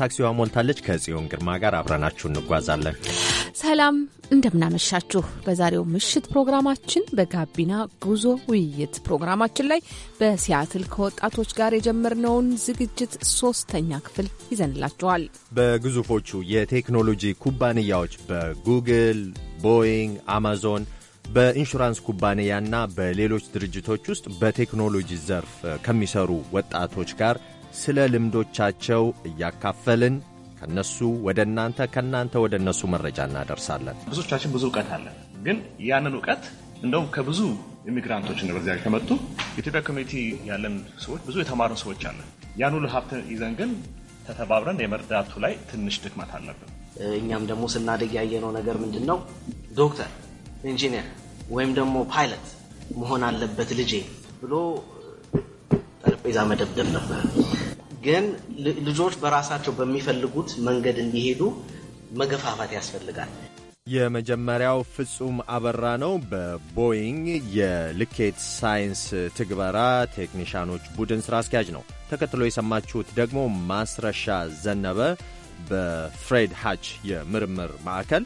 ታክሲዋ ሞልታለች። ከጽዮን ግርማ ጋር አብረናችሁ እንጓዛለን። ሰላም እንደምናመሻችሁ። በዛሬው ምሽት ፕሮግራማችን በጋቢና ጉዞ ውይይት ፕሮግራማችን ላይ በሲያትል ከወጣቶች ጋር የጀመርነውን ዝግጅት ሶስተኛ ክፍል ይዘንላችኋል። በግዙፎቹ የቴክኖሎጂ ኩባንያዎች በጉግል፣ ቦይንግ፣ አማዞን በኢንሹራንስ ኩባንያና በሌሎች ድርጅቶች ውስጥ በቴክኖሎጂ ዘርፍ ከሚሰሩ ወጣቶች ጋር ስለ ልምዶቻቸው እያካፈልን ከእነሱ ወደ እናንተ ከእናንተ ወደ እነሱ መረጃ እናደርሳለን። ብዙዎቻችን ብዙ እውቀት አለን፣ ግን ያንን እውቀት እንደውም ከብዙ ኢሚግራንቶች ነበር በዚያ ከመጡ የኢትዮጵያ ኮሚኒቲ ያለን ሰዎች ብዙ የተማሩ ሰዎች አለን። ያን ሁሉ ሀብት ይዘን ግን ተተባብረን የመርዳቱ ላይ ትንሽ ድክመት አለብን። እኛም ደግሞ ስናደግ ያየነው ነገር ምንድን ነው? ዶክተር፣ ኢንጂነር ወይም ደግሞ ፓይለት መሆን አለበት ልጄ ብሎ ጠረጴዛ መደብደብ ነበር። ግን ልጆች በራሳቸው በሚፈልጉት መንገድ እንዲሄዱ መገፋፋት ያስፈልጋል። የመጀመሪያው ፍጹም አበራ ነው። በቦይንግ የልኬት ሳይንስ ትግበራ ቴክኒሻኖች ቡድን ስራ አስኪያጅ ነው። ተከትሎ የሰማችሁት ደግሞ ማስረሻ ዘነበ በፍሬድ ሃች የምርምር ማዕከል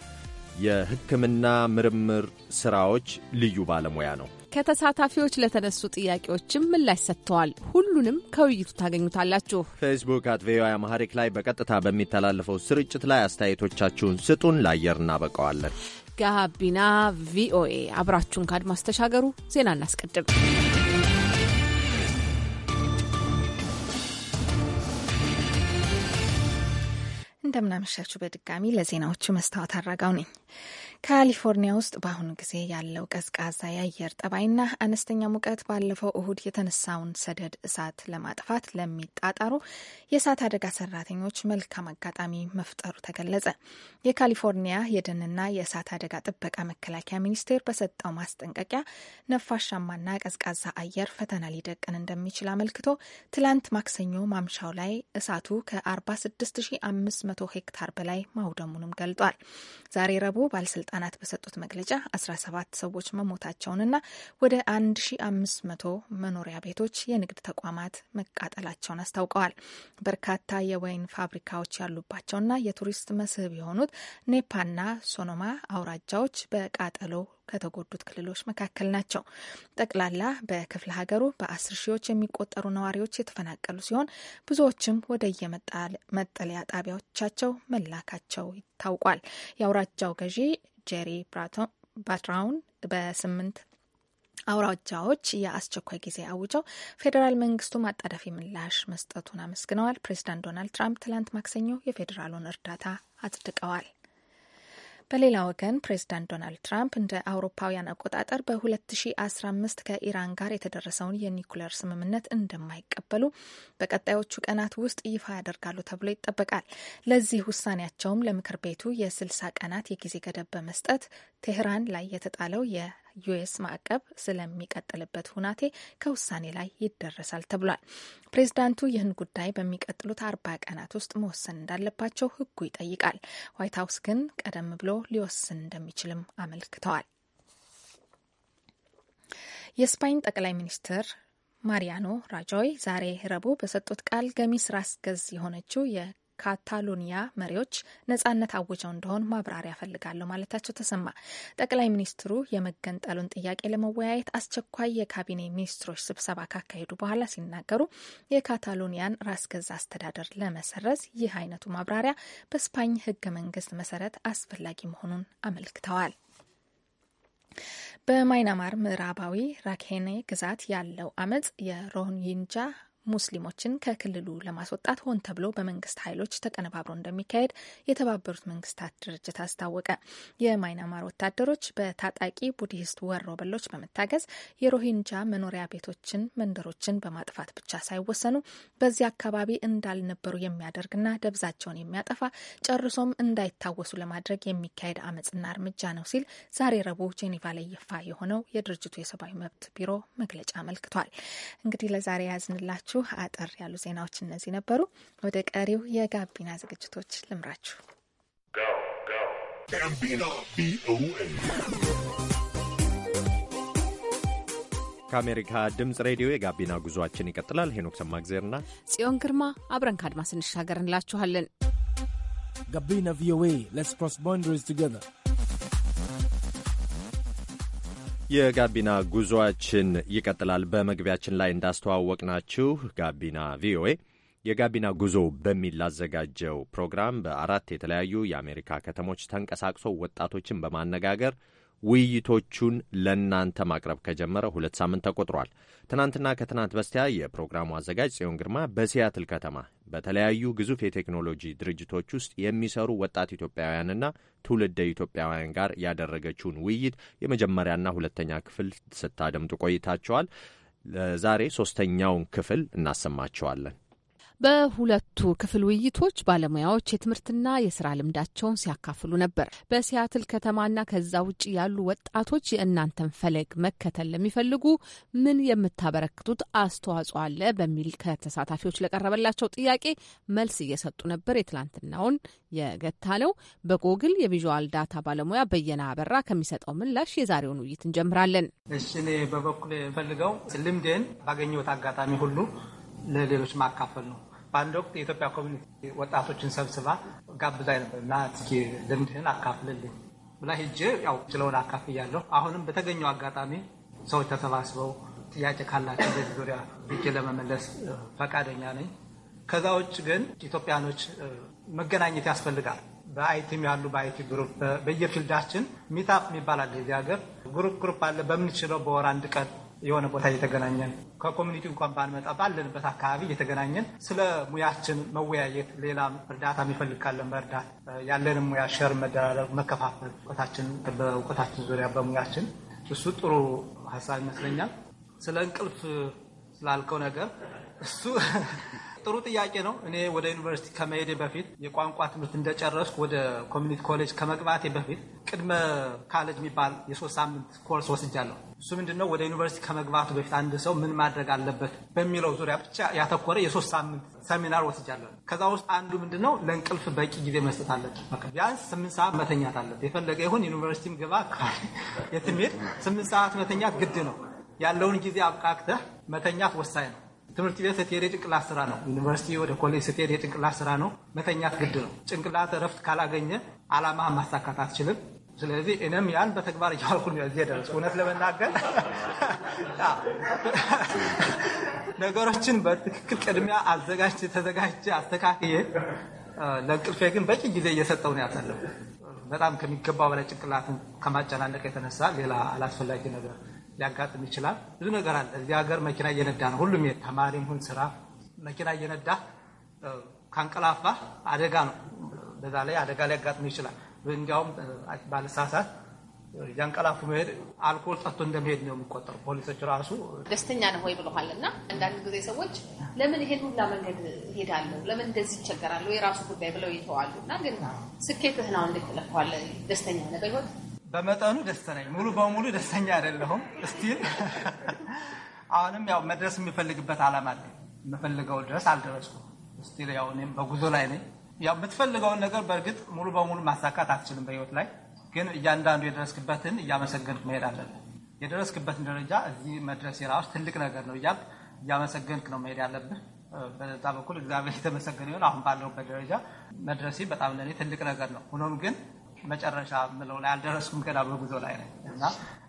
የሕክምና ምርምር ሥራዎች ልዩ ባለሙያ ነው። ከተሳታፊዎች ለተነሱ ጥያቄዎችም ምላሽ ሰጥተዋል። ሁሉንም ከውይይቱ ታገኙታላችሁ። ፌስቡክ አት ቪኦኤ አማሪክ ላይ በቀጥታ በሚተላለፈው ስርጭት ላይ አስተያየቶቻችሁን ስጡን፣ ለአየር እናበቀዋለን። ጋቢና ቪኦኤ አብራችሁን ከአድማስ ተሻገሩ። ዜና እናስቀድም። እንደምናመሻችሁ። በድጋሚ ለዜናዎቹ መስታወት አድራጋው ነኝ። ካሊፎርኒያ ውስጥ በአሁኑ ጊዜ ያለው ቀዝቃዛ የአየር ጠባይና አነስተኛ ሙቀት ባለፈው እሁድ የተነሳውን ሰደድ እሳት ለማጥፋት ለሚጣጣሩ የእሳት አደጋ ሰራተኞች መልካም አጋጣሚ መፍጠሩ ተገለጸ። የካሊፎርኒያ የደንና የእሳት አደጋ ጥበቃ መከላከያ ሚኒስቴር በሰጠው ማስጠንቀቂያ ነፋሻማና ቀዝቃዛ አየር ፈተና ሊደቅን እንደሚችል አመልክቶ ትላንት ማክሰኞ ማምሻው ላይ እሳቱ ከ46500 ሄክታር በላይ ማውደሙንም ገልጧል። ዛሬ ረቡዕ ባለስልጣ ባለስልጣናት በሰጡት መግለጫ 17 ሰዎች መሞታቸውንና ወደ 1500 መኖሪያ ቤቶች፣ የንግድ ተቋማት መቃጠላቸውን አስታውቀዋል። በርካታ የወይን ፋብሪካዎች ያሉባቸውና የቱሪስት መስህብ የሆኑት ኔፓና ሶኖማ አውራጃዎች በቃጠሎ ከተጎዱት ክልሎች መካከል ናቸው። ጠቅላላ በክፍለ ሀገሩ በአስር ሺዎች የሚቆጠሩ ነዋሪዎች የተፈናቀሉ ሲሆን ብዙዎችም ወደ የመጠለያ ጣቢያዎቻቸው መላካቸው ታውቋል። የአውራጃው ገዢ ጄሪ ባትራውን በስምንት አውራጃዎች የአስቸኳይ ጊዜ አውጀው ፌዴራል መንግስቱ ማጣዳፊ ምላሽ መስጠቱን አመስግነዋል። ፕሬዚዳንት ዶናልድ ትራምፕ ትላንት ማክሰኞ የፌዴራሉን እርዳታ አጽድቀዋል። በሌላ ወገን ፕሬዚዳንት ዶናልድ ትራምፕ እንደ አውሮፓውያን አቆጣጠር በ2015 ከኢራን ጋር የተደረሰውን የኒኩሌር ስምምነት እንደማይቀበሉ በቀጣዮቹ ቀናት ውስጥ ይፋ ያደርጋሉ ተብሎ ይጠበቃል። ለዚህ ውሳኔያቸውም ለምክር ቤቱ የ60 ቀናት የጊዜ ገደብ በመስጠት ቴህራን ላይ የተጣለው ዩኤስ ማዕቀብ ስለሚቀጥልበት ሁናቴ ከውሳኔ ላይ ይደረሳል ተብሏል። ፕሬዚዳንቱ ይህን ጉዳይ በሚቀጥሉት አርባ ቀናት ውስጥ መወሰን እንዳለባቸው ህጉ ይጠይቃል። ዋይት ሀውስ ግን ቀደም ብሎ ሊወስን እንደሚችልም አመልክተዋል። የስፓኝ ጠቅላይ ሚኒስትር ማሪያኖ ራጆይ ዛሬ ረቡዕ በሰጡት ቃል ገሚስ ራስ ገዝ የሆነችው ካታሎኒያ መሪዎች ነጻነት አውጀው እንደሆን ማብራሪያ ፈልጋለሁ ማለታቸው ተሰማ። ጠቅላይ ሚኒስትሩ የመገንጠሉን ጥያቄ ለመወያየት አስቸኳይ የካቢኔ ሚኒስትሮች ስብሰባ ካካሄዱ በኋላ ሲናገሩ የካታሎኒያን ራስ አስተዳደር ለመሰረዝ ይህ አይነቱ ማብራሪያ በስፓኝ ህገ መንግስት መሰረት አስፈላጊ መሆኑን አመልክተዋል። በማይናማር ምዕራባዊ ራኬኔ ግዛት ያለው አመፅ የሮሂንጃ ሙስሊሞችን ከክልሉ ለማስወጣት ሆን ተብሎ በመንግስት ኃይሎች ተቀነባብሮ እንደሚካሄድ የተባበሩት መንግስታት ድርጅት አስታወቀ። የማይናማር ወታደሮች በታጣቂ ቡድሂስት ወሮ በሎች በመታገዝ የሮሂንጃ መኖሪያ ቤቶችን፣ መንደሮችን በማጥፋት ብቻ ሳይወሰኑ በዚህ አካባቢ እንዳልነበሩ የሚያደርግና ደብዛቸውን የሚያጠፋ ጨርሶም እንዳይታወሱ ለማድረግ የሚካሄድ አመፅና እርምጃ ነው ሲል ዛሬ ረቡዕ ጄኔቫ ላይ ይፋ የሆነው የድርጅቱ የሰብአዊ መብት ቢሮ መግለጫ አመልክቷል። እንግዲህ ለዛሬ ያዝንላችሁ ያደመጣችሁ አጠር ያሉ ዜናዎች እነዚህ ነበሩ። ወደ ቀሪው የጋቢና ዝግጅቶች ልምራችሁ። ከአሜሪካ ድምፅ ሬዲዮ የጋቢና ጉዟችን ይቀጥላል። ሄኖክ ሰማግዜርና ጽዮን ግርማ አብረን ከአድማስ እንሻገር እንላችኋለን። ጋቢና ቪኦኤ ሌትስ ክሮስ ባውንደሪስ ቱጌዘር የጋቢና ጉዞአችን ይቀጥላል። በመግቢያችን ላይ እንዳስተዋወቅናችሁ ጋቢና ቪኦኤ የጋቢና ጉዞ በሚል ላዘጋጀው ፕሮግራም በአራት የተለያዩ የአሜሪካ ከተሞች ተንቀሳቅሶ ወጣቶችን በማነጋገር ውይይቶቹን ለእናንተ ማቅረብ ከጀመረ ሁለት ሳምንት ተቆጥሯል። ትናንትና ከትናንት በስቲያ የፕሮግራሙ አዘጋጅ ጽዮን ግርማ በሲያትል ከተማ በተለያዩ ግዙፍ የቴክኖሎጂ ድርጅቶች ውስጥ የሚሰሩ ወጣት ኢትዮጵያውያንና ትውልደ ኢትዮጵያውያን ጋር ያደረገችውን ውይይት የመጀመሪያና ሁለተኛ ክፍል ስታደምጡ ቆይታቸዋል። ለዛሬ ሶስተኛውን ክፍል እናሰማቸዋለን። በሁለቱ ክፍል ውይይቶች ባለሙያዎች የትምህርትና የስራ ልምዳቸውን ሲያካፍሉ ነበር። በሲያትል ከተማና ከዛ ውጭ ያሉ ወጣቶች የእናንተን ፈለግ መከተል ለሚፈልጉ ምን የምታበረክቱት አስተዋጽኦ አለ በሚል ከተሳታፊዎች ለቀረበላቸው ጥያቄ መልስ እየሰጡ ነበር። የትላንትናውን የገታ ነው። በጎግል የቪዥዋል ዳታ ባለሙያ በየና አበራ ከሚሰጠው ምላሽ የዛሬውን ውይይት እንጀምራለን። እሺ፣ እኔ በበኩል የምፈልገው ልምድን ባገኘሁት አጋጣሚ ሁሉ ለሌሎች ማካፈል ነው። በአንድ ወቅት የኢትዮጵያ ኮሚኒቲ ወጣቶችን ሰብስባ ጋብዛ ነበር እና እስኪ ልምድህን አካፍልልኝ ብላ ሄጄ ያው ችለውን አካፍያለሁ። አሁንም በተገኘው አጋጣሚ ሰዎች ተሰባስበው ጥያቄ ካላቸው በዚህ ዙሪያ ብዬ ለመመለስ ፈቃደኛ ነኝ። ከዛ ውጭ ግን ኢትዮጵያኖች መገናኘት ያስፈልጋል። በአይቲም ያሉ በአይቲ ግሩፕ በየፊልዳችን ሚታፕ የሚባል አለ እዚህ ሀገር ግሩፕ ግሩፕ አለ። በምንችለው በወር አንድ ቀን የሆነ ቦታ እየተገናኘን ከኮሚኒቲው እንኳን ባንመጣ ባለንበት አካባቢ እየተገናኘን ስለ ሙያችን መወያየት፣ ሌላ እርዳታ የሚፈልግ ካለን መርዳት፣ ያለንም ሙያ ሸር መደራረግ፣ መከፋፈል እውቀታችን በእውቀታችን ዙሪያ በሙያችን እሱ ጥሩ ሀሳብ ይመስለኛል። ስለ እንቅልፍ ስላልከው ነገር እሱ ጥሩ ጥያቄ ነው። እኔ ወደ ዩኒቨርሲቲ ከመሄዴ በፊት የቋንቋ ትምህርት እንደጨረስኩ ወደ ኮሚኒቲ ኮሌጅ ከመግባቴ በፊት ቅድመ ካሌጅ የሚባል የሶስት ሳምንት ኮርስ ወስጃለሁ። እሱ ምንድነው ወደ ዩኒቨርሲቲ ከመግባቱ በፊት አንድ ሰው ምን ማድረግ አለበት በሚለው ዙሪያ ብቻ ያተኮረ የሶስት ሳምንት ሰሚናር ወስጃለሁ። ከዛ ውስጥ አንዱ ምንድነው ለእንቅልፍ በቂ ጊዜ መስጠት አለበት። ቢያንስ ስምንት ሰዓት መተኛት አለበት። የፈለገ ይሁን ዩኒቨርሲቲም ግባ የትምሄድ ስምንት ሰዓት መተኛት ግድ ነው። ያለውን ጊዜ አብቃክተህ መተኛት ወሳኝ ነው። ትምህርት ቤት ስትሄድ የጭንቅላት ስራ ነው። ዩኒቨርሲቲ ወደ ኮሌጅ ስትሄድ የጭንቅላት ስራ ነው። መተኛት ግድ ነው። ጭንቅላት እረፍት ካላገኘ አላማ ማሳካት አትችልም። ስለዚህ እኔም ያን በተግባር እያዋልኩ ነው እዚህ የደረስኩ። እውነት ለመናገር ነገሮችን በትክክል ቅድሚያ አዘጋጅ ተዘጋጅ አስተካክዬ ለእንቅልፌ ግን በቂ ጊዜ እየሰጠው ነው ያሳለሁ። በጣም ከሚገባ በላይ ጭንቅላትን ከማጨናነቅ የተነሳ ሌላ አላስፈላጊ ነገር ሊያጋጥም ይችላል። ብዙ ነገር አለ። እዚህ ሀገር መኪና እየነዳ ነው ሁሉም ተማሪ ሁን ስራ መኪና እየነዳ ካንቀላፋ አደጋ ነው። በዛ ላይ አደጋ ሊያጋጥም ይችላል። እንዲያውም ባለሳሳት ያንቀላፉ መሄድ አልኮል ጠጥቶ እንደመሄድ ነው የሚቆጠሩ። ፖሊሶች ራሱ ደስተኛ ነው ወይ ብለዋል። እና አንዳንድ ጊዜ ሰዎች ለምን ይሄን ሁላ መንገድ ሄዳለሁ፣ ለምን እንደዚህ ይቸገራለሁ፣ የራሱ ጉዳይ ብለው ይተዋሉ። እና ግን ስኬትህ ነው እንዴት ትለፈዋለህ? ደስተኛ ነህ በህይወት በመጠኑ ደስ ነኝ። ሙሉ በሙሉ ደስተኛ አይደለሁም። እስቲል አሁንም ያው መድረስ የሚፈልግበት አላማ አለ። የምፈልገው ድረስ አልደረስኩም። እስቲል ያው እኔም በጉዞ ላይ ነኝ። ያው የምትፈልገውን ነገር በእርግጥ ሙሉ በሙሉ ማሳካት አትችልም በህይወት ላይ ግን እያንዳንዱ የደረስክበትን እያመሰገንክ መሄድ አለብን። የደረስክበትን ደረጃ እዚህ መድረስ የራሱ ትልቅ ነገር ነው እያልክ እያመሰገንክ ነው መሄድ ያለብን። በዛ በኩል እግዚአብሔር የተመሰገነ ይሁን። አሁን ባለሁበት ደረጃ መድረሴ በጣም ለእኔ ትልቅ ነገር ነው። ሆኖም ግን መጨረሻ ምለው ላይ አልደረስኩም። ገና በጉዞ ላይ ነኝ እና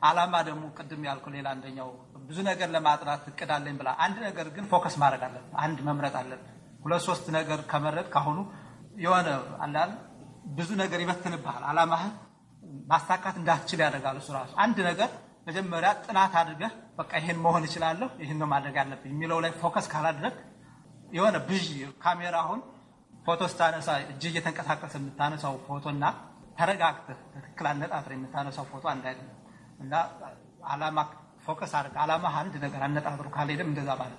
አላማ ደግሞ ቅድም ያልኩ ሌላ አንደኛው ብዙ ነገር ለማጥናት እቅዳለኝ ብላ አንድ ነገር ግን ፎከስ ማድረግ አለብ፣ አንድ መምረጥ አለብ። ሁለት ሶስት ነገር ከመረጥ ካሁኑ የሆነ አንዳንድ ብዙ ነገር ይበትንብሃል። አላማህን ማሳካት እንዳትችል ያደርጋል። እሱ ራሱ አንድ ነገር መጀመሪያ ጥናት አድርገህ በቃ ይሄን መሆን እችላለሁ፣ ይህን ነው ማድረግ አለብኝ የሚለው ላይ ፎከስ ካላድረግ የሆነ ብዥ ካሜራ አሁን ፎቶ ስታነሳ እጅ እየተንቀሳቀሰ የምታነሳው ፎቶና ተረጋግተህ ትክክል አነጣጥር የምታነሳው ፎቶ አንድ አይደለም እና አላማ ፎከስ አድርግ። አላማ አንድ ነገር አነጣጥሩ ካልሄደም እንደዛ ባለ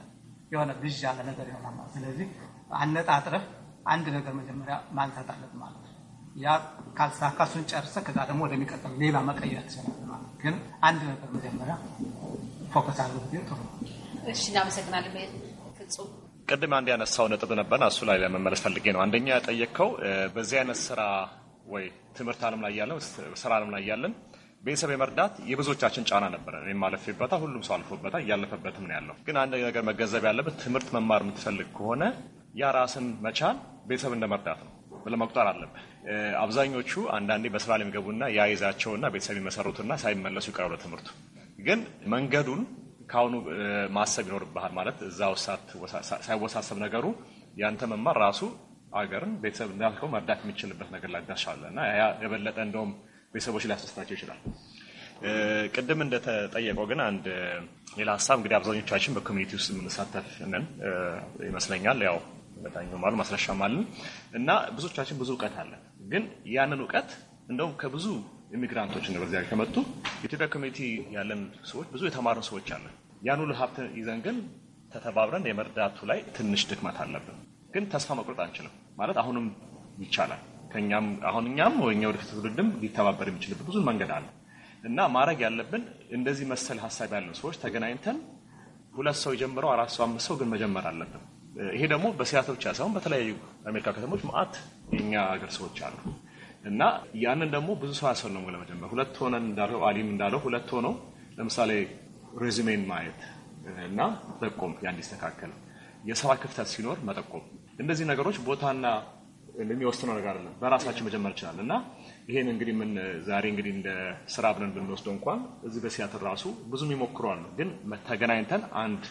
የሆነ ብዥ ያለ ነገር ይሆናል ማለት። ስለዚህ አነጣጥረህ አንድ ነገር መጀመሪያ ማንሳት አለብህ ማለት ነው። ያ ካልሳካሱን ጨርሰህ ከዛ ደግሞ ወደሚቀጥለው ሌላ መቀየር ትችላለህ ማለት ግን አንድ ነገር መጀመሪያ ፎከስ አድርግ ብዬ ጥሩ ነው። እሺ እናመሰግናለን። ፍጹም ቅድም አንድ ያነሳው ነጥብ ነበር፣ እሱ ላይ ለመመለስ ፈልጌ ነው። አንደኛ ያጠየቅከው በዚህ አይነት ስራ ወይ ትምህርት ዓለም ላይ ያለን ስራ ዓለም ላይ ያለን ቤተሰብ የመርዳት የብዙዎቻችን ጫና ነበረ። እኔም አልፌበታ፣ ሁሉም ሰው አልፎበታ፣ እያለፈበትም ነው ያለው። ግን አንድ ነገር መገንዘብ ያለበት ትምህርት መማር የምትፈልግ ከሆነ ያ ራስን መቻል ቤተሰብ እንደ መርዳት ነው ብለህ መቁጠር አለብህ። አብዛኞቹ አንዳንዴ በስራ ላይ የሚገቡና ያይዛቸውና ቤተሰብ የሚመሰሩትና ሳይመለሱ ይቀራሉ። ለትምህርቱ። ግን መንገዱን ከአሁኑ ማሰብ ይኖርብሃል። ማለት እዛ ሳይወሳሰብ ነገሩ ያንተ መማር ራሱ ሀገርን ቤተሰብ እንዳልከው መርዳት የሚችልበት ነገር ላይ ደርሷል እና ያ የበለጠ እንደውም ቤተሰቦች ሊያስደስታቸው ይችላል። ቅድም እንደተጠየቀው ግን አንድ ሌላ ሀሳብ እንግዲህ አብዛኞቻችን በኮሚኒቲ ውስጥ የምንሳተፍ ነን ይመስለኛል። ያው በታኛው ማሉ ማስረሻም አለን እና ብዙዎቻችን ብዙ እውቀት አለን። ግን ያንን እውቀት እንደውም ከብዙ ኢሚግራንቶች ነው በዚያ ከመጡ ኢትዮጵያ ኮሚኒቲ ያለን ሰዎች ብዙ የተማሩ ሰዎች አለን። ያን ሁሉ ሀብት ይዘን ግን ተተባብረን የመርዳቱ ላይ ትንሽ ድክመት አለብን። ግን ተስፋ መቁረጥ አንችልም። ማለት አሁንም ይቻላል። ከኛም አሁን እኛም ወኛ ወደፊት ትውልድም ሊተባበር የሚችልበት ብዙ መንገድ አለ እና ማድረግ ያለብን እንደዚህ መሰል ሀሳብ ያለን ሰዎች ተገናኝተን ሁለት ሰው የጀምረው አራት ሰው አምስት ሰው ግን መጀመር አለብን። ይሄ ደግሞ በሲያትል ብቻ ሳይሆን በተለያዩ አሜሪካ ከተሞች ማአት የኛ ሀገር ሰዎች አሉ እና ያንን ደግሞ ብዙ ሰው ያስፈልግ ነው ለመጀመር ሁለት ሆነን እንዳለው አሊም እንዳለው ሁለት ሆነው ለምሳሌ ሬዚሜን ማየት እና መጠቆም ያ እንዲስተካከል የስራ ክፍተት ሲኖር መጠቆም እነዚህ ነገሮች ቦታና የሚወስነው ነገር አለ። በራሳችን መጀመር ይችላል እና ይሄን እንግዲህ ምን ዛሬ እንግዲህ እንደ ስራ ብለን ብንወስደው እንኳን እዚህ በሲያትል ራሱ ብዙም ይሞክረዋል፣ ግን ተገናኝተን አንድ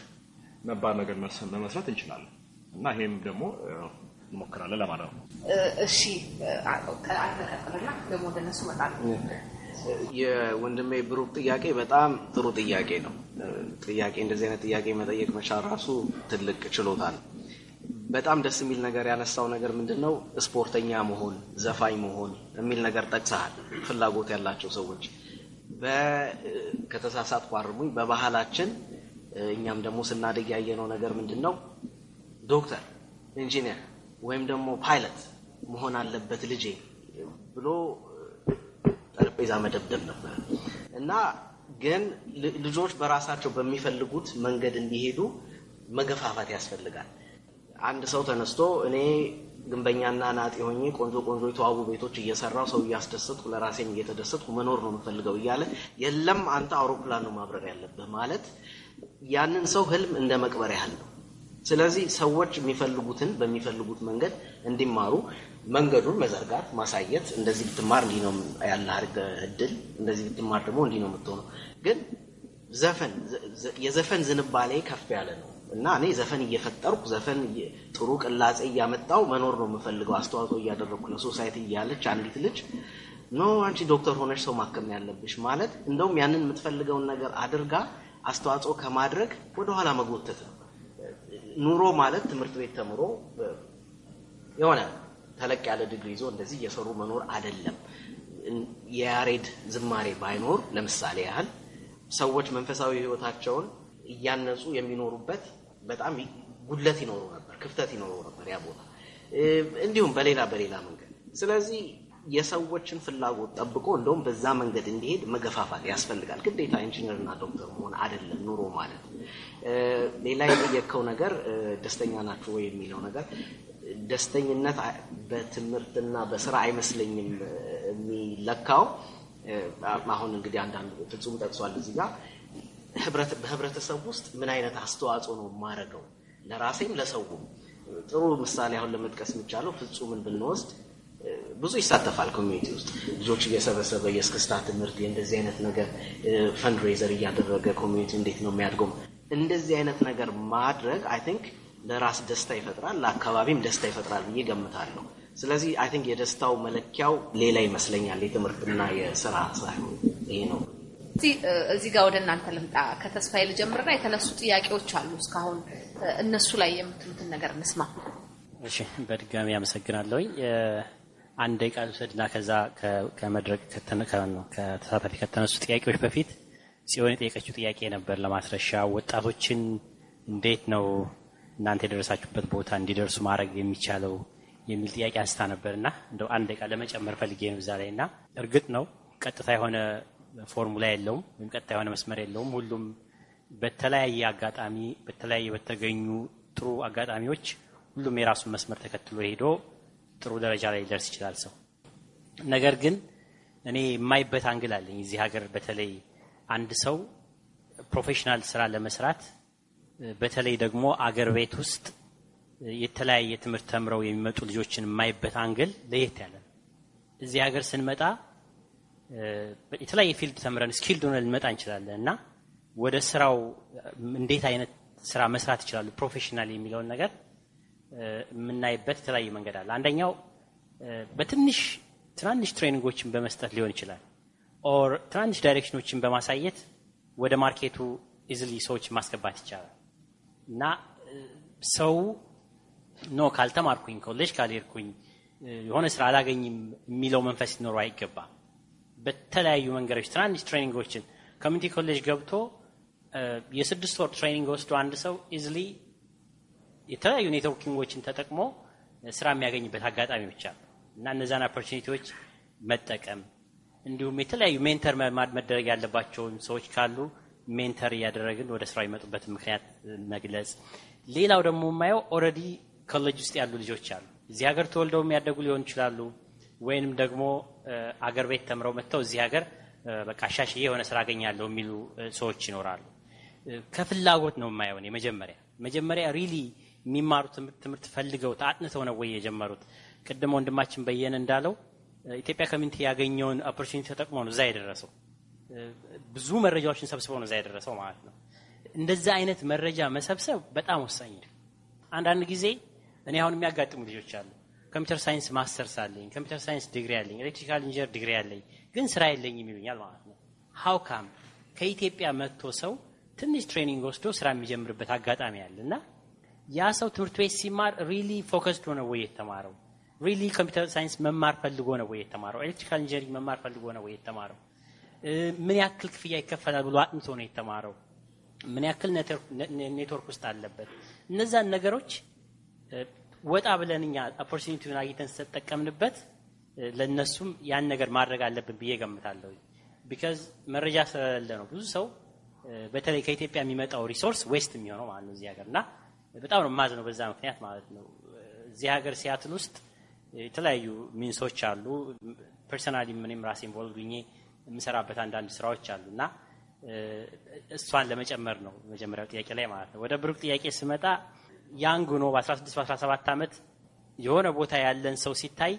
ነባር ነገር መመስረት እንችላለን እና ይሄም ደግሞ እንሞክራለን ለማለት ነው። እሺ ከአንተ ቀጥልና ደግሞ ወደነሱ እነሱ እመጣለሁ። የወንድሜ ብሩክ ጥያቄ በጣም ጥሩ ጥያቄ ነው። ጥያቄ እንደዚህ አይነት ጥያቄ መጠየቅ መቻል ራሱ ትልቅ ችሎታ ነው። በጣም ደስ የሚል ነገር ያነሳው ነገር ምንድን ነው? ስፖርተኛ መሆን፣ ዘፋኝ መሆን የሚል ነገር ጠቅሰሃል። ፍላጎት ያላቸው ሰዎች ከተሳሳትኩ አርሙኝ። በባህላችን እኛም ደግሞ ስናደግ ያየነው ነገር ምንድን ነው? ዶክተር፣ ኢንጂነር ወይም ደግሞ ፓይለት መሆን አለበት ልጄ ብሎ ጠረጴዛ መደብደብ ነበር እና ግን ልጆች በራሳቸው በሚፈልጉት መንገድ እንዲሄዱ መገፋፋት ያስፈልጋል። አንድ ሰው ተነስቶ እኔ ግንበኛና ናጤ ሆኜ ቆንጆ ቆንጆ የተዋቡ ቤቶች እየሰራው ሰው እያስደሰጥኩ ለራሴም እየተደሰጥኩ መኖር ነው የምፈልገው እያለ የለም አንተ አውሮፕላን ነው ማብረር ያለብህ ማለት ያንን ሰው ህልም እንደ መቅበር ያህል ነው። ስለዚህ ሰዎች የሚፈልጉትን በሚፈልጉት መንገድ እንዲማሩ መንገዱን መዘርጋት፣ ማሳየት እንደዚህ ብትማር እንዲህ ነው ያለ እድል፣ እንደዚህ ብትማር ደግሞ እንዲህ ነው የምትሆነው። ግን ዘፈን የዘፈን ዝንባሌ ከፍ ያለ ነው። እና እኔ ዘፈን እየፈጠርኩ ዘፈን ጥሩ ቅላጼ እያመጣው መኖር ነው የምፈልገው። አስተዋጽኦ እያደረግኩ ለሶሳይቲ እያለች አንዲት ልጅ ኖ አንቺ ዶክተር ሆነች ሰው ማከም ያለብሽ ማለት እንደውም ያንን የምትፈልገውን ነገር አድርጋ አስተዋጽኦ ከማድረግ ወደኋላ መጎተት ነው። ኑሮ ማለት ትምህርት ቤት ተምሮ የሆነ ተለቅ ያለ ድግሪ ይዞ እንደዚህ እየሰሩ መኖር አደለም የያሬድ ዝማሬ ባይኖር ለምሳሌ ያህል ሰዎች መንፈሳዊ ህይወታቸውን እያነጹ የሚኖሩበት በጣም ጉድለት ይኖሩ ነበር፣ ክፍተት ይኖሩ ነበር ያ ቦታ እንዲሁም በሌላ በሌላ መንገድ። ስለዚህ የሰዎችን ፍላጎት ጠብቆ እንደውም በዛ መንገድ እንዲሄድ መገፋፋት ያስፈልጋል። ግዴታ ኢንጂነርና ዶክተር መሆን አይደለም ኑሮ ማለት። ሌላ የጠየቅከው ነገር ደስተኛ ናቸው ወይ የሚለው ነገር ደስተኝነት በትምህርትና በስራ አይመስለኝም የሚለካው። አሁን እንግዲህ አንዳንድ ፍጹም ጠቅሷል እዚህ ጋር በህብረተሰብ ውስጥ ምን አይነት አስተዋጽኦ ነው የማደርገው ለራሴም ለሰውም። ጥሩ ምሳሌ አሁን ለመጥቀስ የሚቻለው ፍጹምን ብንወስድ ብዙ ይሳተፋል ኮሚኒቲ ውስጥ ልጆች እየሰበሰበ የስክስታ ትምህርት እንደዚህ አይነት ነገር ፈንድሬዘር እያደረገ ኮሚኒቲ እንዴት ነው የሚያድገው? እንደዚህ አይነት ነገር ማድረግ አይ ቲንክ ለራስ ደስታ ይፈጥራል፣ ለአካባቢም ደስታ ይፈጥራል ብዬ ገምታለሁ። ስለዚህ አይ ቲንክ የደስታው መለኪያው ሌላ ይመስለኛል የትምህርትና የስራ ሳይሆን ይሄ ነው። እዚህ ጋር ወደ እናንተ ልምጣ። ከተስፋዬ ልጀምርና የተነሱ ጥያቄዎች አሉ እስካሁን እነሱ ላይ የምትሉትን ነገር እንስማ። እሺ፣ በድጋሚ አመሰግናለሁ። አንድ ደቂቃ ልውሰድና ከዛ ከመድረክ ከተሳታፊ ከተነሱ ጥያቄዎች በፊት ሲሆን የጠየቀችው ጥያቄ ነበር ለማስረሻ ወጣቶችን እንዴት ነው እናንተ የደረሳችሁበት ቦታ እንዲደርሱ ማድረግ የሚቻለው የሚል ጥያቄ አንስታ ነበር እና እንደው አንድ ደቂቃ ለመጨመር ፈልጌ ነው እዛ ላይ እና እርግጥ ነው ቀጥታ የሆነ ፎርሙላ የለውም ወይም ቀጣይ የሆነ መስመር የለውም። ሁሉም በተለያየ አጋጣሚ በተለያየ በተገኙ ጥሩ አጋጣሚዎች ሁሉም የራሱን መስመር ተከትሎ ሄዶ ጥሩ ደረጃ ላይ ሊደርስ ይችላል ሰው። ነገር ግን እኔ የማይበት አንግል አለኝ እዚህ ሀገር በተለይ አንድ ሰው ፕሮፌሽናል ስራ ለመስራት በተለይ ደግሞ አገር ቤት ውስጥ የተለያየ ትምህርት ተምረው የሚመጡ ልጆችን የማይበት አንግል ለየት ያለ ነው። እዚህ ሀገር ስንመጣ የተለያየ ፊልድ ተምረን ስኪል ሆነ ልንመጣ እንችላለን እና ወደ ስራው እንዴት አይነት ስራ መስራት ይችላሉ ፕሮፌሽናል የሚለውን ነገር የምናይበት የተለያየ መንገድ አለ። አንደኛው በትንሽ ትናንሽ ትሬኒንጎችን በመስጠት ሊሆን ይችላል። ኦር ትናንሽ ዳይሬክሽኖችን በማሳየት ወደ ማርኬቱ ኢዝሊ ሰዎች ማስገባት ይቻላል እና ሰው ኖ ካልተማርኩኝ ኮሌጅ ካልሄድኩኝ የሆነ ስራ አላገኝም የሚለው መንፈስ ሊኖረው አይገባም። በተለያዩ መንገዶች ትናንሽ ትሬኒንጎችን ኮሚኒቲ ኮሌጅ ገብቶ የስድስት ወር ትሬኒንግ ወስዶ አንድ ሰው ኢዝሊ የተለያዩ ኔትወርኪንጎችን ተጠቅሞ ስራ የሚያገኝበት አጋጣሚዎች አሉ እና እነዛን ኦፖርቹኒቲዎች መጠቀም እንዲሁም የተለያዩ ሜንተር መደረግ ያለባቸውን ሰዎች ካሉ ሜንተር እያደረግን ወደ ስራው የመጡበትን ምክንያት መግለጽ። ሌላው ደግሞ የማየው ኦረዲ ኮሌጅ ውስጥ ያሉ ልጆች አሉ። እዚህ ሀገር ተወልደው የሚያደጉ ሊሆን ይችላሉ። ወይንም ደግሞ አገር ቤት ተምረው መጥተው እዚህ ሀገር በቃ ሻሽዬ የሆነ ስራ አገኛለሁ የሚሉ ሰዎች ይኖራሉ። ከፍላጎት ነው የማየው የመጀመሪያ መጀመሪያ ሪሊ የሚማሩት ትምህርት ፈልገው አጥንተው ነው ወይ የጀመሩት? ቅድመ ወንድማችን በየነ እንዳለው ኢትዮጵያ ኮሚኒቲ ያገኘውን ኦፖርቹኒቲ ተጠቅሞ ነው እዛ የደረሰው። ብዙ መረጃዎችን ሰብስበው ነው እዛ የደረሰው ማለት ነው። እንደዛ አይነት መረጃ መሰብሰብ በጣም ወሳኝ ነው። አንዳንድ ጊዜ እኔ አሁን የሚያጋጥሙ ልጆች አሉ ኮምፒውተር ሳይንስ ማስተርስ አለኝ፣ ኮምፒውተር ሳይንስ ዲግሪ አለኝ፣ ኤሌክትሪካል ኢንጂነር ዲግሪ አለኝ፣ ግን ስራ የለኝ የሚሉኛል ማለት ነው። ሀው ካም ከኢትዮጵያ መጥቶ ሰው ትንሽ ትሬኒንግ ወስዶ ስራ የሚጀምርበት አጋጣሚ አለ እና ያ ሰው ትምህርት ቤት ሲማር ሪሊ ፎከስድ ሆነ ወይ የተማረው ሪሊ ኮምፒውተር ሳይንስ መማር ፈልጎ ነው ወይ የተማረው? ኤሌክትሪካል ኢንጂነሪንግ መማር ፈልጎ ነው ወይ የተማረው? ምን ያክል ክፍያ ይከፈላል ብሎ አጥንቶ ነው የተማረው? ምን ያክል ኔትወርክ ውስጥ አለበት? እነዛን ነገሮች ወጣ ብለን እኛ ኦፖርቹኒቲውን አግኝተን ስተጠቀምንበት ለእነሱም ያን ነገር ማድረግ አለብን ብዬ ገምታለሁ። ቢካዝ መረጃ ስለሌለ ነው ብዙ ሰው በተለይ ከኢትዮጵያ የሚመጣው ሪሶርስ ዌስት የሚሆነው ማለት ነው እዚህ ሀገር እና በጣም ነው ማዝ ነው በዛ ምክንያት ማለት ነው። እዚህ ሀገር ሲያትል ውስጥ የተለያዩ ሚንሶች አሉ። ፐርሰናሊ ምንም ራሴ ኢንቮልቭ ሆኜ የምሰራበት አንዳንድ ስራዎች አሉ እና እሷን ለመጨመር ነው መጀመሪያው ጥያቄ ላይ ማለት ነው። ወደ ብሩክ ጥያቄ ስመጣ ያንግ ሆኖ በ16 በ17 ዓመት የሆነ ቦታ ያለን ሰው ሲታይ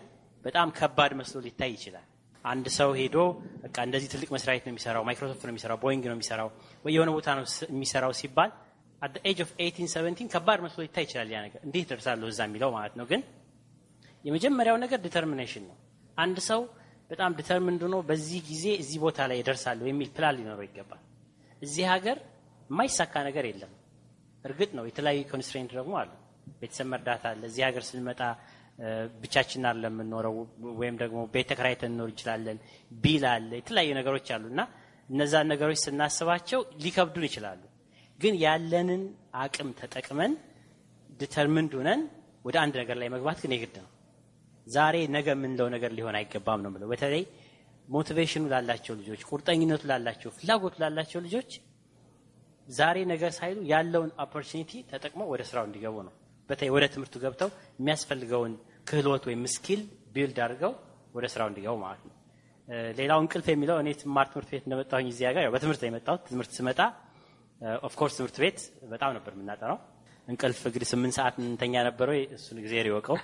በጣም ከባድ መስሎ ሊታይ ይችላል። አንድ ሰው ሄዶ በቃ እንደዚህ ትልቅ መስሪያ ቤት ነው የሚሰራው፣ ማይክሮሶፍት ነው የሚሰራው፣ ቦይንግ ነው የሚሰራው፣ ወይ የሆነ ቦታ ነው የሚሰራው ሲባል አት ኤጅ ኦፍ 18 17 ከባድ መስሎ ሊታይ ይችላል። ያ ነገር እንዴት ደርሳለሁ እዛ የሚለው ማለት ነው። ግን የመጀመሪያው ነገር ዲተርሚኔሽን ነው። አንድ ሰው በጣም ዲተርሚንድ ሆኖ በዚህ ጊዜ እዚህ ቦታ ላይ ደርሳለሁ የሚል ፕላን ሊኖረው ይገባል። እዚህ ሀገር የማይሳካ ነገር የለም። እርግጥ ነው የተለያዩ ኮንስትሬንት ደግሞ አሉ። ቤተሰብ መርዳት አለ። እዚህ ሀገር ስንመጣ ብቻችን አለ የምንኖረው ወይም ደግሞ ቤት ተከራይተን እንኖር እንችላለን። ቢል አለ፣ የተለያዩ ነገሮች አሉ እና እነዛን ነገሮች ስናስባቸው ሊከብዱን ይችላሉ። ግን ያለንን አቅም ተጠቅመን ዲተርምንድ ሆነን ወደ አንድ ነገር ላይ መግባት ግን የግድ ነው። ዛሬ ነገ የምንለው ነገር ሊሆን አይገባም ነው የምለው። በተለይ ሞቲቬሽኑ ላላቸው ልጆች፣ ቁርጠኝነቱ ላላቸው፣ ፍላጎቱ ላላቸው ልጆች ዛሬ ነገ ሳይሉ ያለውን ኦፖርቹኒቲ ተጠቅመው ወደ ስራው እንዲገቡ ነው። በተለይ ወደ ትምህርቱ ገብተው የሚያስፈልገውን ክህሎት ወይም ስኪል ቢልድ አድርገው ወደ ስራው እንዲገቡ ማለት ነው። ሌላው እንቅልፍ የሚለው እኔ ትማር ትምህርት ቤት እንደመጣሁኝ እዚያ ጋር በትምህርት ነው የመጣሁት። ትምህርት ስመጣ ኦፍኮርስ ትምህርት ቤት በጣም ነበር የምናጠናው። እንቅልፍ እንግዲህ ስምንት ሰዓት እንተኛ ነበረ። እሱን ጊዜ ይወቀው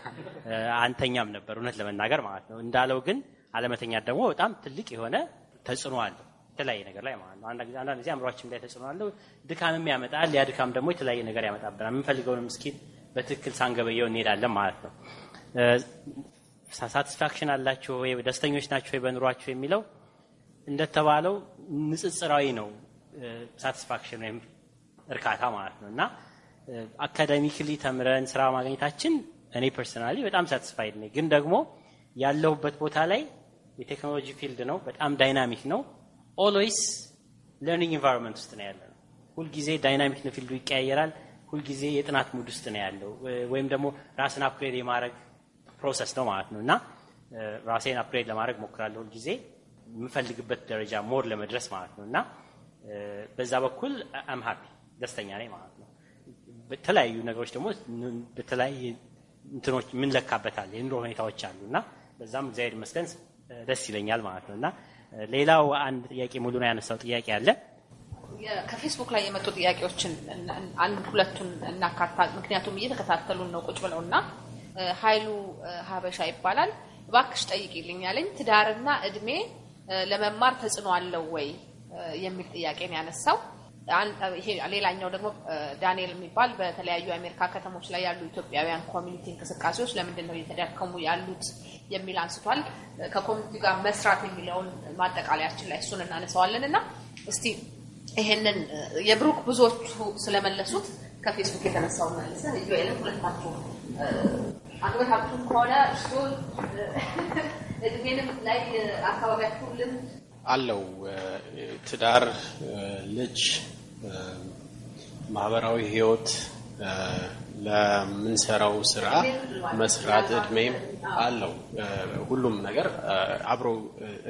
አንተኛም ነበር እውነት ለመናገር ማለት ነው። እንዳለው ግን አለመተኛት ደግሞ በጣም ትልቅ የሆነ ተጽዕኖ አለው። የተለያየ ነገር ላይ ማለት ነው። አንዳንድ ጊዜ አእምሯችን ላይ ተጽዕኖ አለው፣ ድካምም ያመጣል። ያ ድካም ደግሞ የተለያየ ነገር ያመጣብናል። የምንፈልገውንም እስኪል በትክክል ሳንገበየው እንሄዳለን ማለት ነው። ሳቲስፋክሽን አላቸው ወይ ደስተኞች ናቸው ወይ በኑሯችሁ የሚለው እንደተባለው ንጽጽራዊ ነው። ሳቲስፋክሽን ወይም እርካታ ማለት ነው እና አካዳሚክሊ ተምረን ስራ ማግኘታችን እኔ ፐርሰናሊ በጣም ሳቲስፋይድ ነኝ። ግን ደግሞ ያለሁበት ቦታ ላይ የቴክኖሎጂ ፊልድ ነው፣ በጣም ዳይናሚክ ነው ኦልዌይስ ለርኒንግ ኢንቫይሮንመንት ውስጥ ነው ያለው። ሁልጊዜ ዳይናሚክ ነው፣ ፊልዱ ይቀያየራል። ሁልጊዜ የጥናት ሙድ ውስጥ ነው ያለው፣ ወይም ደግሞ ራስን አፕግሬድ የማድረግ ፕሮሰስ ነው ማለት ነው እና ራሴን አፕግሬድ ለማድረግ ሞክራለሁ ሁልጊዜ የምፈልግበት ደረጃ ሞር ለመድረስ ማለት ነው እና በዛ በኩል አም ሀፒ ደስተኛ ነኝ ማለት ነው። በተለያዩ ነገሮች ደግሞ በተለያየ እንትኖች የምንለካበታል የኑሮ ሁኔታዎች አሉ እና በዛም እግዚአብሔር ይመስገን ደስ ይለኛል ማለት ነው እና ሌላው አንድ ጥያቄ ሙሉ ነው ያነሳው ጥያቄ አለ። ከፌስቡክ ላይ የመጡ ጥያቄዎችን አንድ ሁለቱን እናካታ። ምክንያቱም እየተከታተሉን ነው ቁጭ ብለው እና ሀይሉ ሀበሻ ይባላል። እባክሽ ጠይቂልኝ ያለኝ ትዳርና እድሜ ለመማር ተጽዕኖ አለው ወይ የሚል ጥያቄ ነው ያነሳው። ይሄ ሌላኛው ደግሞ ዳንኤል የሚባል በተለያዩ የአሜሪካ ከተሞች ላይ ያሉ ኢትዮጵያውያን ኮሚኒቲ እንቅስቃሴዎች ለምንድን ነው እየተዳከሙ ያሉት የሚል አንስቷል። ከኮሚኒቲ ጋር መስራት የሚለውን ማጠቃለያችን ላይ እሱን እናነሳዋለን እና እስቲ ይሄንን የብሩክ ብዙዎቹ ስለመለሱት ከፌስቡክ የተነሳው መልሰ ዩኤል ሁለታችሁ አንገታችሁም ከሆነ እሱ እድሜንም ላይ አካባቢያችሁ ልምድ አለው ትዳር ልጅ ማህበራዊ ህይወት ለምንሰራው ስራ መስራት እድሜም አለው። ሁሉም ነገር አብሮ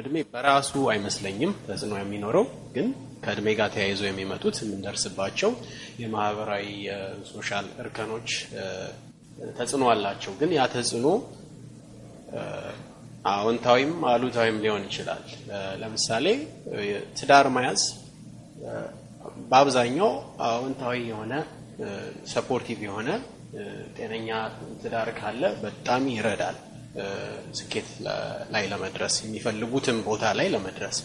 እድሜ በራሱ አይመስለኝም ተጽዕኖ የሚኖረው ግን ከእድሜ ጋር ተያይዞ የሚመጡት የምንደርስባቸው የማህበራዊ ሶሻል እርከኖች ተጽዕኖ አላቸው። ግን ያ ተጽዕኖ አዎንታዊም አሉታዊም ሊሆን ይችላል። ለምሳሌ ትዳር መያዝ በአብዛኛው አዎንታዊ የሆነ ሰፖርቲቭ የሆነ ጤነኛ ትዳር ካለ በጣም ይረዳል ስኬት ላይ ለመድረስ የሚፈልጉትም ቦታ ላይ ለመድረስ።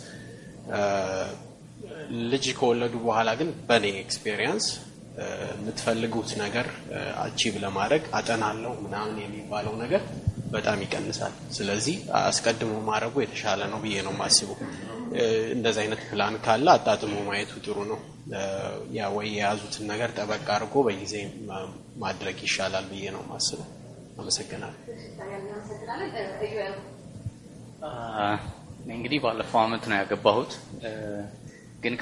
ልጅ ከወለዱ በኋላ ግን በእኔ ኤክስፔሪየንስ የምትፈልጉት ነገር አቺቭ ለማድረግ አጠናለው ምናምን የሚባለው ነገር በጣም ይቀንሳል። ስለዚህ አስቀድሞ ማድረጉ የተሻለ ነው ብዬ ነው የማስበው። እንደዚህ አይነት ፕላን ካለ አጣጥሞ ማየቱ ጥሩ ነው። ወይ የያዙትን ነገር ጠበቅ አድርጎ በጊዜ ማድረግ ይሻላል ብዬ ነው ማስበው። አመሰግናለሁ። እንግዲህ ባለፈው አመት ነው ያገባሁት፣ ግን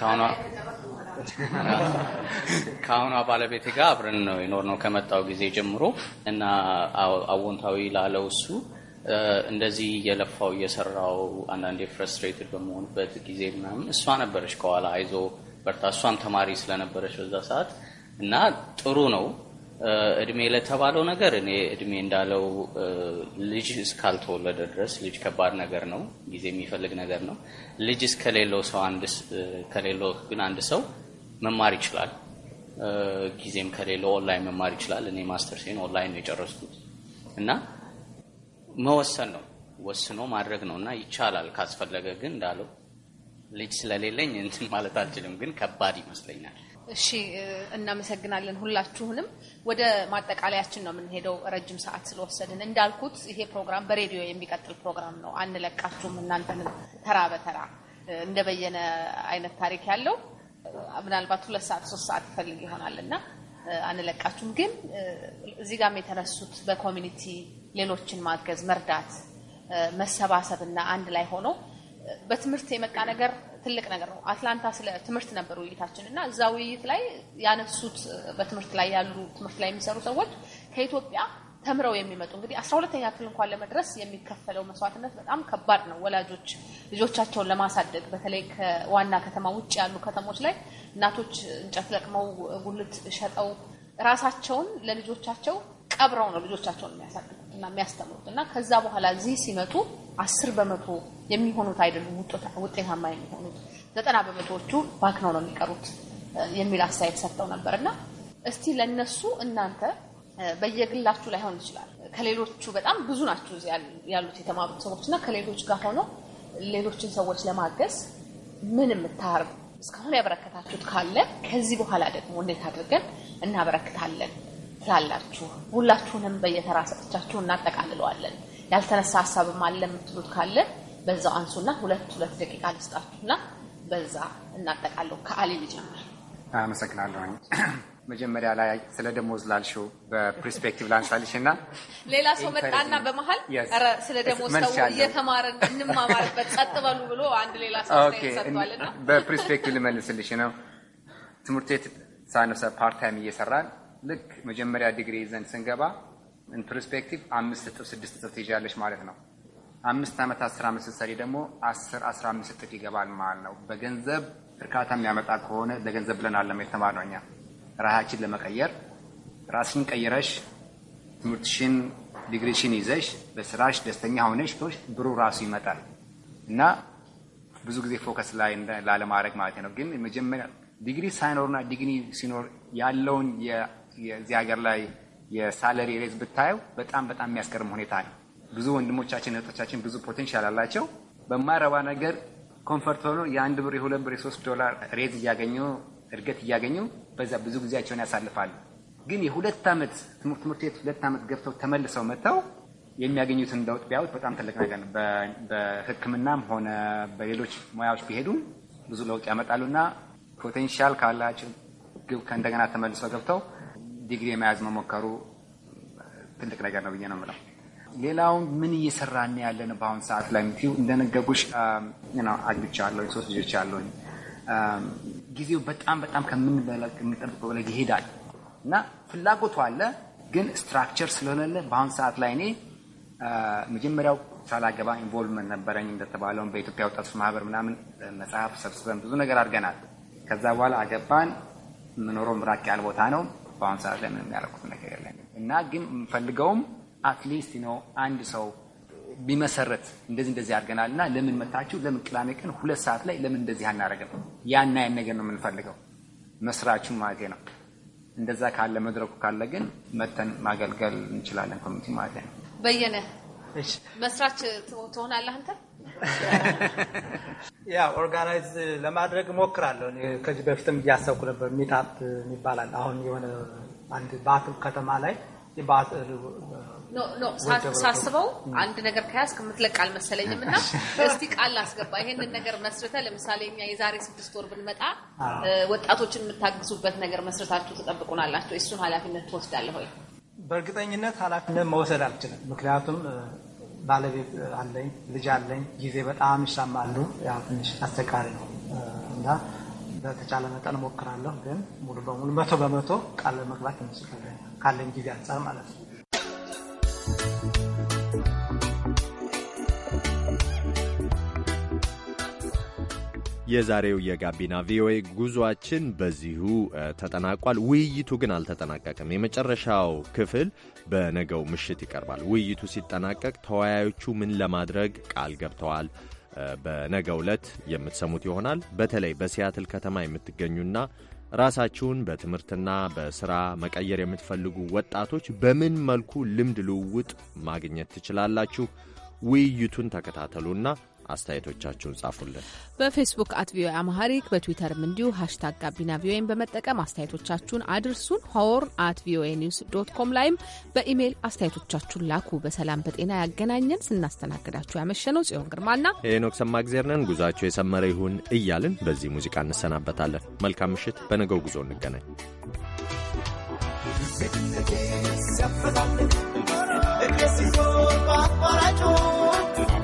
ከአሁኗ ባለቤቴ ጋር አብረን ነው ነው ከመጣው ጊዜ ጀምሮ እና አዎንታዊ ላለው እሱ እንደዚህ እየለፋው እየሰራው አንዳንዴ ፍረስትሬትድ በመሆንበት ጊዜ ምናምን እሷ ነበረች ከኋላ አይዞ በርታ። እሷም ተማሪ ስለነበረች በዛ ሰዓት እና ጥሩ ነው እድሜ ለተባለው ነገር እኔ እድሜ እንዳለው ልጅ እስካልተወለደ ድረስ ልጅ ከባድ ነገር ነው፣ ጊዜ የሚፈልግ ነገር ነው። ልጅ እስከሌለው ሰው ከሌለው ግን አንድ ሰው መማር ይችላል። ጊዜም ከሌለው ኦንላይን መማር ይችላል። እኔ ሴን ኦንላይን ነው የጨረስኩት እና መወሰን ነው፣ ወስኖ ማድረግ ነው እና ይቻላል። ካስፈለገ ግን እንዳለው ልጅ ስለሌለኝ እንትን ማለት አልችልም፣ ግን ከባድ ይመስለኛል። እሺ፣ እናመሰግናለን ሁላችሁንም። ወደ ማጠቃለያችን ነው የምንሄደው ረጅም ሰዓት ስለወሰድን። እንዳልኩት ይሄ ፕሮግራም በሬዲዮ የሚቀጥል ፕሮግራም ነው፣ አንለቃችሁም። እናንተንም ተራ በተራ እንደበየነ አይነት ታሪክ ያለው ምናልባት ሁለት ሰዓት ሶስት ሰዓት ይፈልግ ይሆናል እና አንለቃችሁም። ግን እዚህ ጋም የተነሱት በኮሚኒቲ ሌሎችን ማገዝ፣ መርዳት፣ መሰባሰብ እና አንድ ላይ ሆኖ በትምህርት የመጣ ነገር ትልቅ ነገር ነው። አትላንታ ስለ ትምህርት ነበር ውይይታችን እና እዛ ውይይት ላይ ያነሱት በትምህርት ላይ ያሉ ትምህርት ላይ የሚሰሩ ሰዎች ከኢትዮጵያ ተምረው የሚመጡ እንግዲህ አስራ ሁለተኛ ክፍል እንኳን ለመድረስ የሚከፈለው መስዋዕትነት በጣም ከባድ ነው። ወላጆች ልጆቻቸውን ለማሳደግ በተለይ ከዋና ከተማ ውጭ ያሉ ከተሞች ላይ እናቶች እንጨት ለቅመው ጉልት ሸጠው ራሳቸውን ለልጆቻቸው ቀብረው ነው ልጆቻቸውን የሚያሳድጉት እና የሚያስተምሩት እና ከዛ በኋላ እዚህ ሲመጡ አስር በመቶ የሚሆኑት አይደሉም ውጤታማ የሚሆኑት ዘጠና በመቶዎቹ ባክነው ነው የሚቀሩት የሚል አስተያየት ሰጥተው ነበር እና እስቲ ለነሱ እናንተ በየግላችሁ ላይሆን ይችላል። ከሌሎቹ በጣም ብዙ ናችሁ ያሉት የተማሩት ሰዎች እና ከሌሎች ጋር ሆኖ ሌሎችን ሰዎች ለማገዝ ምን የምታርጉ እስካሁን ያበረከታችሁት ካለ ከዚህ በኋላ ደግሞ እንዴት አድርገን እናበረክታለን ትላላችሁ? ሁላችሁንም በየተራ ሰጥቻችሁ እናጠቃልለዋለን። ያልተነሳ ሀሳብም አለ የምትሉት ካለ በዛው አንሱና ሁለት ሁለት ደቂቃ ልስጣችሁና በዛ እናጠቃለሁ። ከአሊ ይጀምር። አመሰግናለሁ። መጀመሪያ ላይ ስለ ደሞዝ ላልሽው በፕሪስፔክቲቭ ላንሳልሽ እና ሌላ ሰው መጣና በመሀል ስለ ደሞዝ ሰው እየተማረን እንማማርበት ጸጥ በሉ ብሎ አንድ ሌላ ሰው ሰጥቷል እና በፕሪስፔክቲቭ ልመልስልሽ ነው። ትምህርት ቤት ሳነሰ ፓርታይም እየሰራን ልክ መጀመሪያ ዲግሪ ይዘን ስንገባ ፕሪስፔክቲቭ አምስት እጥፍ ስድስት እጥፍ ትይዣለሽ ማለት ነው። አምስት ዓመት አስር አምስት ስትሰሪ ደግሞ አስር አስራ አምስት እጥፍ ይገባል ማለት ነው። በገንዘብ እርካታ የሚያመጣ ከሆነ ለገንዘብ ብለን አለም የተማርነው እኛ ራሳችን ለመቀየር ራስሽን ቀይረሽ ትምህርትሽን ዲግሪሽን ይዘሽ በስራሽ ደስተኛ ሆነሽ ብሩ ራሱ ይመጣል እና ብዙ ጊዜ ፎከስ ላይ ላለማድረግ ማለት ነው። ግን መጀመሪያ ዲግሪ ሳይኖርና ዲግሪ ሲኖር ያለውን የዚህ ሀገር ላይ የሳለሪ ሬዝ ብታየው በጣም በጣም የሚያስገርም ሁኔታ ነው። ብዙ ወንድሞቻችን እህቶቻችን ብዙ ፖቴንሻል አላቸው። በማይረባ ነገር ኮንፈርት ሆኖ የአንድ ብር የሁለት ብር የሶስት ዶላር ሬዝ እያገኙ እድገት እያገኙ በዛ ብዙ ጊዜያቸውን ያሳልፋሉ። ግን የሁለት ዓመት ትምህርት ቤት ሁለት ዓመት ገብተው ተመልሰው መጥተው የሚያገኙትን ለውጥ ቢያዩት በጣም ትልቅ ነገር ነው። በሕክምናም ሆነ በሌሎች ሙያዎች ቢሄዱ ብዙ ለውጥ ያመጣሉና ፖቴንሻል ካላቸው ግብ ከእንደገና ተመልሰው ገብተው ዲግሪ የመያዝ መሞከሩ ትልቅ ነገር ነው ብዬ ነው የምለው። ሌላውን ምን እየሰራን ያለን በአሁኑ ሰዓት ላይ ምትዩ እንደነገጉሽ አግብቻ ሶስት ልጆች ጊዜው በጣም በጣም ከምንጠብቀው በላይ ይሄዳል እና ፍላጎቱ አለ፣ ግን ስትራክቸር ስለሆነለ በአሁን ሰዓት ላይ እኔ መጀመሪያው ሳላገባ ኢንቮልቭመንት ነበረኝ እንደተባለውን በኢትዮጵያ ወጣቶች ማህበር ምናምን መጽሐፍ ሰብስበን ብዙ ነገር አድርገናል። ከዛ በኋላ አገባን። ምኖሮ ምራቅ ያለ ቦታ ነው። በአሁን ሰዓት ላይ ምንም ያደረኩት ነገር የለም እና ግን የምፈልገውም አትሊስት ነው አንድ ሰው ቢመሰረት እንደዚህ እንደዚህ አድርገናል እና ለምን መታችሁ፣ ለምን ቅዳሜ ቀን ሁለት ሰዓት ላይ ለምን እንደዚህ አናደርግም ያና ያን ነገር ነው የምንፈልገው መስራቹ ማለት ነው። እንደዛ ካለ መድረኩ ካለ ግን መተን ማገልገል እንችላለን። ኮሚቴ ማለት ነው። በየነ መስራች ትሆናለህ አንተ? ያ ኦርጋናይዝ ለማድረግ እሞክራለሁ። ከዚህ በፊትም እያሰብኩ ነበር። ሚታፕ ይባላል አሁን የሆነ አንድ ባትል ከተማ ላይ ሳስበው አንድ ነገር ከያዝ ከምትለቅ አልመሰለኝም። እና እስቲ ቃል አስገባ ይሄንን ነገር መስርተ ለምሳሌ እኛ የዛሬ ስድስት ወር ብንመጣ ወጣቶችን የምታግዙበት ነገር መስረታችሁ ትጠብቁናላችሁ። እሱን ኃላፊነት ትወስዳለ ወይ? በእርግጠኝነት ኃላፊነት መውሰድ አልችልም። ምክንያቱም ባለቤት አለኝ፣ ልጅ አለኝ። ጊዜ በጣም ይሻማሉ። ያው ትንሽ አስቸጋሪ ነው እና በተቻለ መጠን እሞክራለሁ፣ ግን ሙሉ በሙሉ መቶ በመቶ ቃል መግባት ካለኝ ጊዜ አንጻር ማለት ነው የዛሬው የጋቢና ቪኦኤ ጉዟችን በዚሁ ተጠናቋል። ውይይቱ ግን አልተጠናቀቅም። የመጨረሻው ክፍል በነገው ምሽት ይቀርባል። ውይይቱ ሲጠናቀቅ ተወያዮቹ ምን ለማድረግ ቃል ገብተዋል በነገው ዕለት የምትሰሙት ይሆናል። በተለይ በሲያትል ከተማ የምትገኙና ራሳችሁን በትምህርትና በስራ መቀየር የምትፈልጉ ወጣቶች በምን መልኩ ልምድ ልውውጥ ማግኘት ትችላላችሁ? ውይይቱን ተከታተሉና አስተያየቶቻችሁን ጻፉልን። በፌስቡክ አት ቪኦኤ አማሃሪክ በትዊተርም እንዲሁ ሀሽታግ ጋቢና ቪኦኤን በመጠቀም አስተያየቶቻችሁን አድርሱን። ሆርን አት ቪኦኤ ኒውስ ዶት ኮም ላይም በኢሜይል አስተያየቶቻችሁን ላኩ። በሰላም በጤና ያገናኘን። ስናስተናግዳችሁ ያመሸነው ጽዮን ግርማና ሄኖክ ሰማ እግዜር ነን። ጉዟቸው የሰመረ ይሁን እያልን በዚህ ሙዚቃ እንሰናበታለን። መልካም ምሽት። በነገው ጉዞ እንገናኝ። It's a